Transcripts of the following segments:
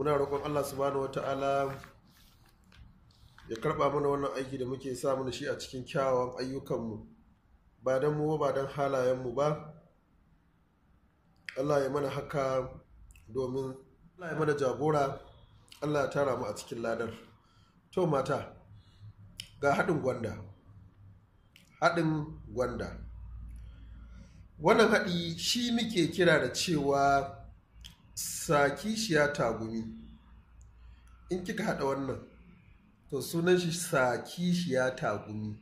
muna roƙon Allah subhanahu wata'ala ya karɓa mana wannan aiki da muke sa mana shi a cikin kyawawan ayyukanmu ba don mu ba don halayenmu ba Allah ya mana haka domin Allah ya mana jagora Allah ya tara mu a cikin ladar to mata ga haɗin gwanda haɗin gwanda wannan haɗi shi muke kira da cewa sakishiya tagumi in kika haɗa wannan to sunan shi sakishiya tagumi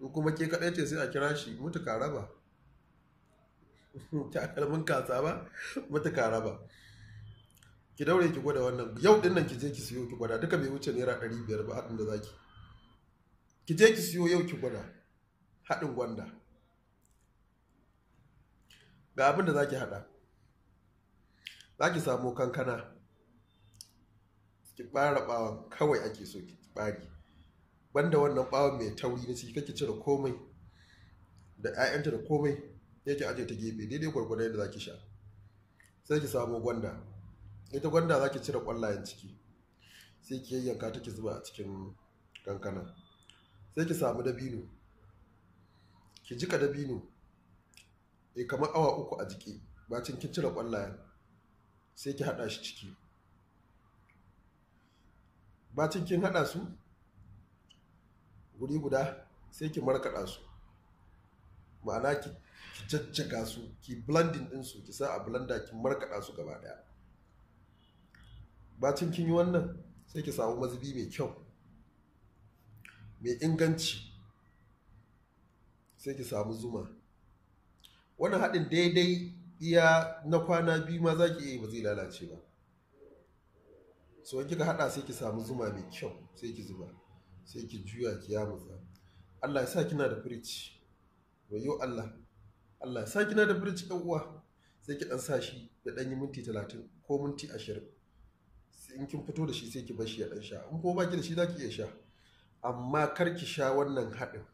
in kuma ke kaɗai ce sai a kira shi mutuka raba takalmin kasa ba mutuka raba ki daure ki gwada wannan yau din nan ki je ki siyo ki gwada duka bai wuce naira 500 biyar ba haɗin da zaki ki je ki siyo yau ki gwada haɗin gwanda ga abin da zaki haɗa za ki samu kankana ki bara ɓawon kawai ake so ki bari banda wannan ɓawon mai tauri na ciki kake cire komai da 'ya'yanta da komai yake aje ta gefe daidai gwargwadon yadda za ki sha sai ki samu gwanda ita gwanda za ki cire ƙwallayen ciki sai ki yayyanka ta ki zuba a cikin kankana sai ki samu dabino ki jika dabino e kamar awa uku a jiki bacin kin cire ƙwallayen sai ki haɗa shi ciki bacin kin haɗa su guri guda sai ki markaɗa su ma'ana ki jajjaga su ki blending ɗin su ki sa a blender ki markaɗa su gaba ɗaya bacin kin yi wannan sai ki samu mazubi mai kyau mai inganci sai ki samu zuma wannan haɗin daidai iya na kwana biyu ma za ki iya ba zai lalace ba so in kika hada sai ki samu zuma mai kyau sai ki zuba sai ki juya ki yamutsa Allah ya sa kina da firici wayo Allah Allah ya sa kina da firici ɗan uwa sai ki ɗan sa shi ya ɗan yi minti talatin ko minti ashirin in kin fito da shi sai ki bar shi ya ɗan sha in ko baki da shi za ki iya sha amma kar ki sha wannan haɗin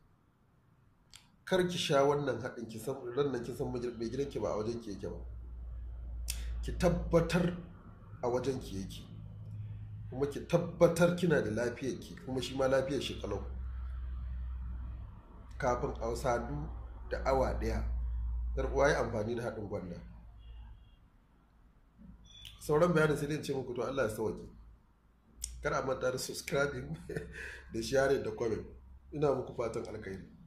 kar ki sha wannan haɗin ki san nan ki san mai gidan ki ba a wajen ki yake ba ki tabbatar a wajen ki yake kuma ki tabbatar kina da lafiyar ki kuma shi ma lafiyar shi kalau kafin a sadu da awa ɗaya yar uwa yi amfani da haɗin gwanda sauran bayanin sai dai ce muku to Allah ya sauke kar a manta da subscribing da share da comment ina muku fatan alkhairi